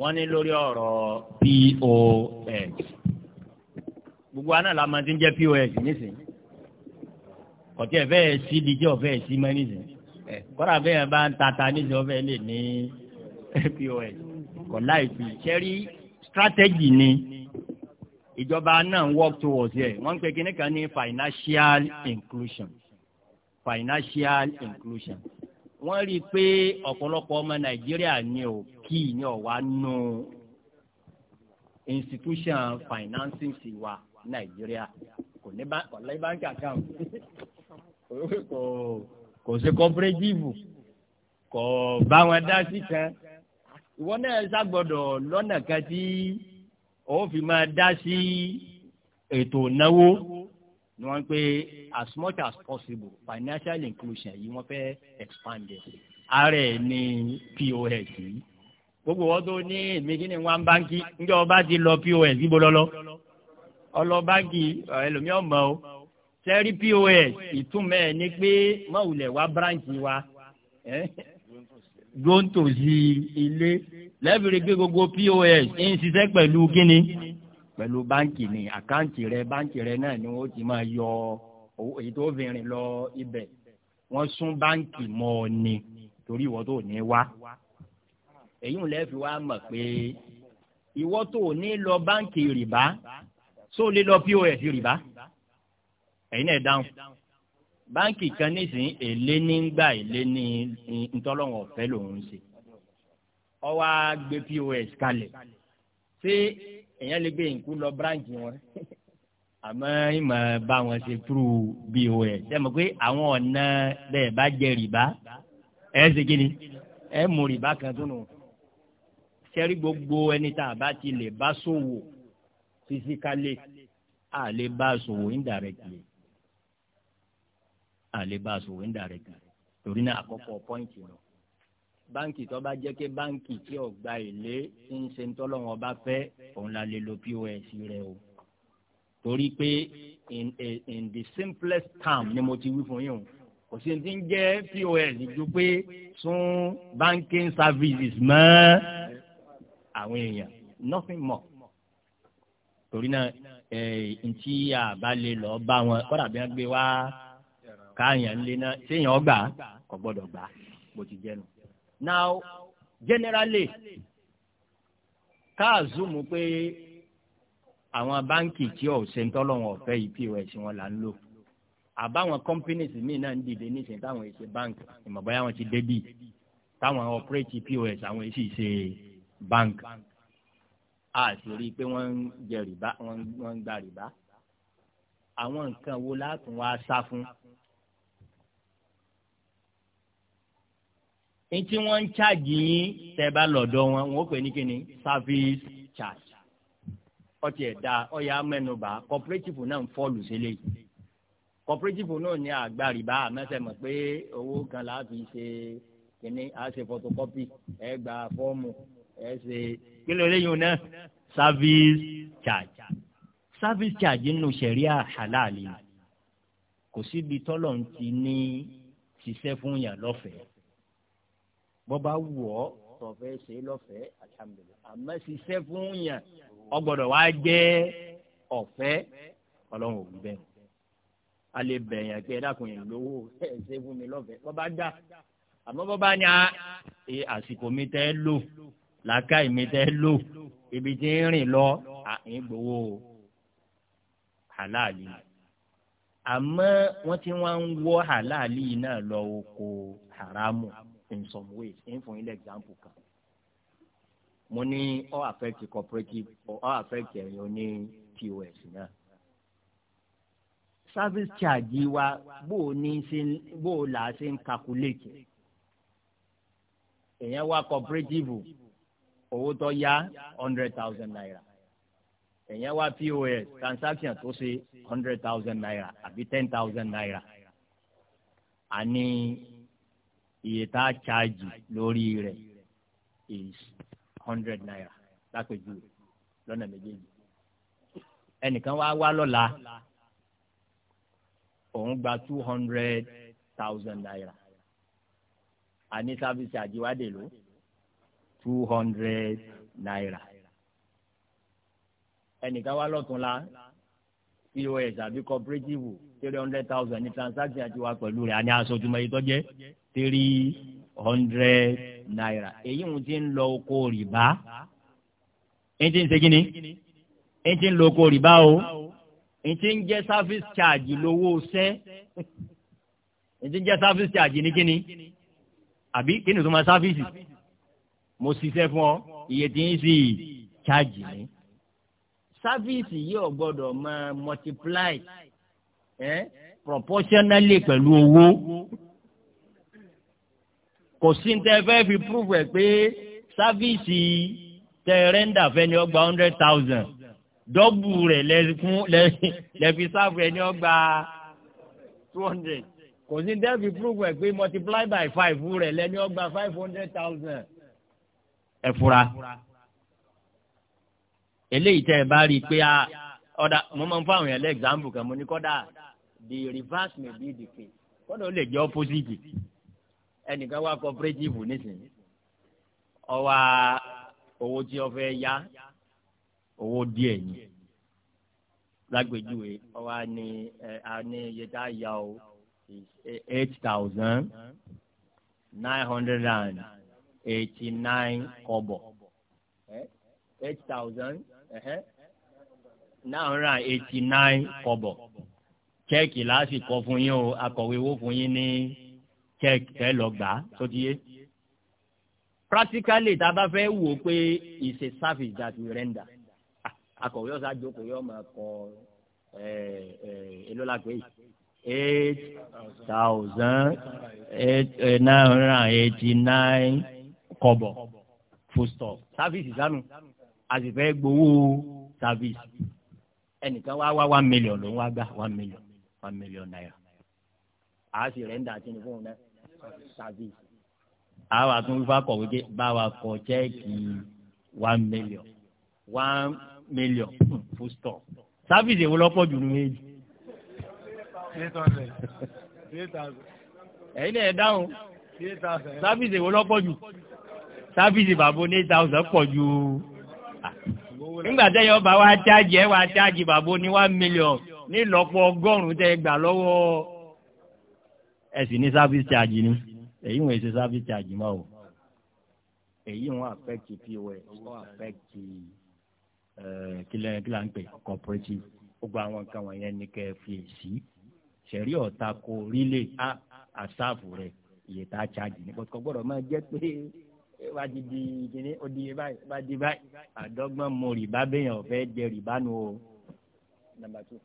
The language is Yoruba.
wọ́n ní lórí ọ̀rọ̀ pos gbogbo aná la máa ti ń jẹ́ pos nísìnyí kọ̀tí ẹ̀ fẹ́ẹ́ sí di jẹ́ ọ̀fẹ́ sí mọ́ nísìnyí kọ́ra bẹ́ẹ̀ bá ń tata nísìnyí ọ̀fẹ́ lè ní pos kọ̀ láì fi strategy ni ìjọba náà ń work towards ẹ̀ wọ́n ń pè kíní kan ní financial inclusion financial inclusion wọ́n rí i pé ọ̀pọ̀lọpọ̀ ọmọ nàìjíríà ní òkì ní ọ̀wá nù institution financing ti wà nàìjíríà kò ní báńkì account kò kò ṣe cooperative kò bá wọn dá sí kan ìwọ náà ṣàgbọ́dọ̀ lọ́nà kan tí ó fi máa dá sí ètò ìnáwó ni wọ́n pé as much as possible financial inclusion yìí wọ́n fẹ́ expand it ààrẹ ní pos yìí gbogbo wọn tó ní èmi kí ni wọn báńkì níjọ ọba ti lọ pos ibo lọlọ ọlọ báńkì ẹlòmíràn mọ o sẹẹrí pos ìtumọ̀ ẹ̀ ni pé mọ̀wùlẹ̀ wá bíráǹkì wa gbóǹtòsí ilé lẹ́bìrì pé gbogbo pos ń ṣiṣẹ́ pẹ̀lú kínni pẹ̀lú báǹkì ni àkáǹtì rẹ báǹkì rẹ náà ni wọ́n ti máa yọ owó èyí tó fìrìn lọ ibẹ̀ wọ́n sún báǹkì mọ́ ọ ni torí ìwọ tó ní wá èyí ń lẹ́ẹ̀fi wá mọ̀ pé ìwọ tó ní lọ báǹkì rìbá só lè lọ pọ́s rìbá ẹ̀yin náà dáhùn báǹkì kan nísìnyí èlé ní èlé ní ntọ́lọ́wọ̀n ọ̀fẹ́ lòún ṣe ó wá gbé pọ́s kalẹ̀ ṣé èèyàn lè gbé nkú lọ bíráǹjì wọn àmọ́ ìmọ̀ bá wọn ṣe túrú bí o ẹ̀ ṣe mọ̀ pé àwọn ọ̀nà bẹ́ẹ̀ bá jẹ rìbá ẹ̀ ṣe kí ni ẹ̀ mú rìbá kan tó nù sẹ́rí gbogbo ẹni tá a bá ti lè bá ṣòwò fisikálẹ̀ a lè bá ṣòwò indirectly a lè bá ṣòwò indirectly torí náà àkọ́kọ́ pọ́ìntì náà báǹkì tó bá jẹ́ pé báǹkì tí ò gba èlé ń ṣe ń tọ́lọ́wọ́n bá fẹ́ òun la lè lo pos rẹ o torí pé in in the simplest term ni mo ti wí fún yín o kò sí ti ń jẹ́ pos ju pé sún banking services mọ́ àwọn èèyàn nothing more torí náà ẹ ntí àbálẹ lọ bá wọn kọ́dà bí wọ́n gbé wá káàyàn lé náà séèyàn ọgbà kò gbọ́dọ̀ gbà bó ti jẹ́ nù now generally káà zoom pé àwọn báńkì tí ò ṣe ń tọ́lọ́wọ̀n ọ̀fẹ́ yìí pos wọn là ń lò àbáwọn companies mi náà ń dìde níṣẹ́ táwọn èsì bank ìmọ̀báyà wọn ti débì táwọn operate pos àwọn èsì ṣe bank a sì rí i pé wọ́n ń jẹ rìbá wọ́n ń gba rìbá àwọn nǹkan wo látún wá sá fún ní tí wọ́n ń ṣáàjì yín tẹ́ bá lọ́dọ̀ wọn pè ní kíni service charge ọtí ẹ̀dá ọ̀yà mẹ́nuba cooperative náà ń fọ́ọ̀lù sílẹ̀ cooperative náà ní àgbàrìbá àmẹ́sẹ̀ mọ̀ pé owó kan la fi ṣe kíní a ṣe photocopy ẹ gba fọ́ọ̀mù ẹ ṣe kí ló léyìn náà service charge service charge nínú sẹ̀ríà halali kò síbi tọ́lọ̀ ń ti ní ṣiṣẹ́ fún yàn lọ́fẹ̀ẹ́ bọ́ba wù ọ́ tọ̀fẹ́ ṣe lọ́fẹ̀ẹ́ alhamdulilayi àmọ́ ṣiṣẹ́ fún yàn ọgbọ́dọ̀ wá jẹ́ ọ̀fẹ́ ọlọ́run òbí bẹ́ẹ̀ a lè bẹ̀yàn pé ẹ̀dàkùn yẹn lówó ẹ̀ ṣe fún mi lọ́fẹ̀ẹ́ bọ́ba dá àmọ́ bọ́ba ní àsìkò mi tẹ́ lò làákàyè mi tẹ́ lò ibi tí ń rìn lọ àìgbowó halali àmọ́ wọ́n ti wá ń wọ́ halali náà lọ oko haramu in some ways in for yín example kan mo ní ọ affect cooperative ọ affect ẹ̀yin oní POS náà service charge wa bó o ní ṣe bó o là á ṣe ń calculate èèyàn wá cooperative owó tó yá hundred thousand naira èèyàn wá POS transaction tó ṣe hundred thousand naira àbí ten thousand naira àní iye tá a ṣáàjì lórí rẹ̀ is hundred naira lápèjúwe lọ́nà méjèèjì ẹnìkan wá wá lọ́la òun gba two hundred thousand naira àní sáfìsì àjíwádé ló two hundred naira ẹnìkan wá lọ́tún la pos àbí cooperative three hundred thousand ní transaction àti wa pẹ̀lú rẹ̀ àní asojúmọ́ yìí tọ́jẹ́ three hundred naira èyí ń ti ń lọ oko rìbá èyí ti ń ṣe ni èyí ti ń lọ oko rìbá o èyí ti ń jẹ́ service charge lówó sẹ́ èyí ti ń jẹ́ service charge ní kí ni àbí kí ni tó máa service mo ṣiṣẹ́ fún ọ iye tí ń sì charge ní sáfíìsì yìí ò gbọ́dọ̀ máa multiply eh? proportionally pẹ̀lú owó kò sí tẹ fẹ́ fi prove ẹ̀ pé sáfíìsì tẹ fẹ́ ni ó gba hundred thousand dọ́bù rẹ̀ lẹ́kún lẹ́fi sáfù ẹ̀ ni ó gba two hundred kò sí tẹ fi prove ẹ̀ pé multiply by five rẹ̀ lẹ́ni ó gba five hundred thousand ẹ̀ fura eléyìí tẹ́ ẹ bá rí i pé ah, ọ̀dà mo máa ń fún àwọn èèyàn lẹ́ kan mo ní kọ́dà the reverse may be the case kọ́dà ó lè jẹ́ opposite ẹnìkan wá cooperative nísìnyí ọwọ́ owó tí ó fẹ́ yá owó díẹ̀ ni lágbèjúwe ọwọ́ ni a ní iye tá a yá o eight thousand nine hundred and eighty nine kọ́bọ̀ eight thousand nine hundred and eighty nine kọ́bọ̀ chẹ́ẹ̀kì lásìkò fún yín o akọ̀wé owó fún yín ní chẹ́ẹ̀kì tẹ́ lọ gbà tó ti yé. practically tá a bá fẹ́ wò pé it's a service that we render akọ̀wé ọ̀sán àjòkò yóò máa kọ èló la pé eight thousand eh, nine hundred and eighty nine kọ́bọ̀ full stop service ìsánú a sì fẹ́ gbowó service ẹnìkan wá wá one million ló ń wá gbà one million one million naira a sì rẹ́ńdà tí ni fóun náà service a wà tún wípé akọ̀wé pé bá wa kọ chẹ́ẹ̀kì one million one million full stop service èwo lọ́pọ̀ jù ní méjì ẹ̀yin náà ẹ dáhùn sáfìsì wo lọ́pọ̀ jù sáfìsì bàbá ní eight thousand pọ̀ ju nígbà tẹ́yọ̀ bá wá chájì ẹ̀ wá chájì bàbá ní one million nílọ́pọ̀ ọgọ́rùn-ún tẹ́ gbà lọ́wọ́ ẹ̀ sì ní service charge ni èyí wọn èsì service charge mọ́ o èyí wọn affect pos wọn affect kílẹ̀ kílẹ̀ ń pè cooperative gbogbo àwọn nǹkan wọ̀nyẹn ní kẹ́ ẹ fi sí sẹ̀rí ọ̀ta kò àṣàfù rẹ̀ iye charge ní kò gbọ́dọ̀ máa jẹ́ pé wá ti di kíní ó di báyìí wá di báyìí àdọ́gbọ́n mo rìbá bẹ́yàn ọ̀fẹ́ jẹ rìbá nu o. two.